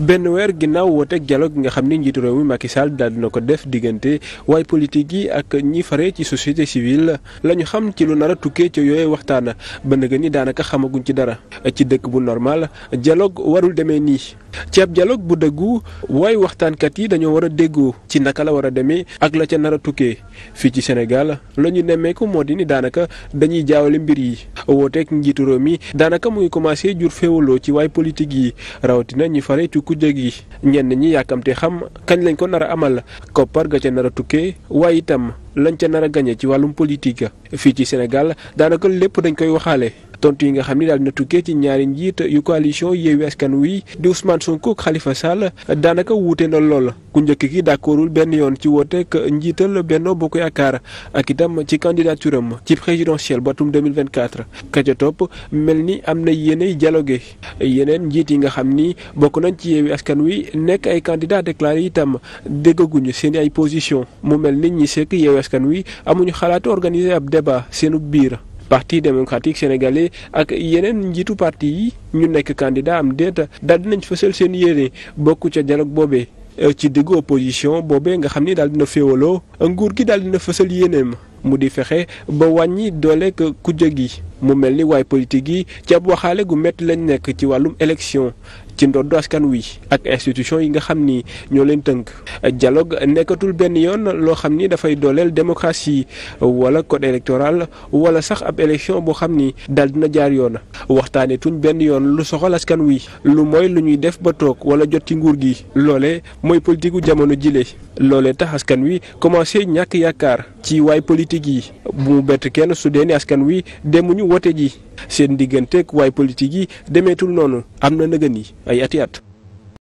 benn weer ginnaaw woote dialogue nga xam ni njiitu réew mi Macky Sall daal ko def diggante waay politique yi ak ñi fare ci société civile la ñu xam ci lu nar a tukkee ca yooyu waxtaan ba nga ni daanaka xamaguñ ci dara ci dëkk bu normal dialogue warul demee nii. ci jaloog bu dëggu waaye waxtaankat yi dañoo war a déggoo ci naka la war a demee ak la ca nara tukkee fii ci Sénégal lañu nemmeeku moo di ni daanaka dañuy jaawale mbir yi wooteeg njiitu réew mi daanaka mu commencé jur féewaloo ci waay politique yi rawatina ñi fare kujje gi ñenn ñi yàkkamtee xam kañ lañ ko nar a amal koppar ga ca nar a tukkee waaye itam lañ ca nar a gañe ci wàllum politique fii ci Sénégal daanaka lépp dañ koy waxaale. tontu yi nga xam ni daal dina tukkee ci ñaari njiit yu coalition Yewwi Askan Wi di Ousmane Sonko ak Khalifa Sall daanaka wuute na lool ku njëkk ki d'accordul benn yoon ci wooteek njiital Benno Bokk Yaakaar ak itam ci candidature am ci présidentielle batum 2024 ka ca topp mel ni am na yéenay jaloge yeneen njiit yi nga xam ni bokk nañ ci Yewwi Askan Wi nekk ay candidat déclaré itam déggaguñu seen ay position mu mel ni ñi sekk Yewwi Askan Wi amuñu xalaatu organiser ab débat seenu biir parti démocratique sénégalais ak yeneen njiitu parti yi ñu nekk candidat am déet daldi dinañ fësal seen yéene bokk ca dialogue boobee euh, ci diggu opposition boobee nga xam ni daal na féewaloo nguur gi daal dina fësal yéeneem mu di fexe ba wàññi doole ku gi mu mel ni waay politique yi ci waxaale gu metti lañu nekk ci wàllum élection ci ndoddu askan wi ak institution yi nga xam ni ñoo leen tënk. dialogue nekkatul benn yoon loo xam ni dafay dooleel démocratie wala code électoral wala sax ab élection boo xam ni dal dina jaar yoon waxtaanee tuñ benn yoon lu soxal askan wi lu mooy lu ñuy def ba toog wala jot ci nguur gi loole mooy politique gu jamono jile loole tax askan wi commencé ñàkk yaakaar ci waay politique yi bu mu bett kenn su dee ni askan wi demuñu wote ji seen digganteeg waay politique yi demeetul noonu am na nëgën yi ay ati at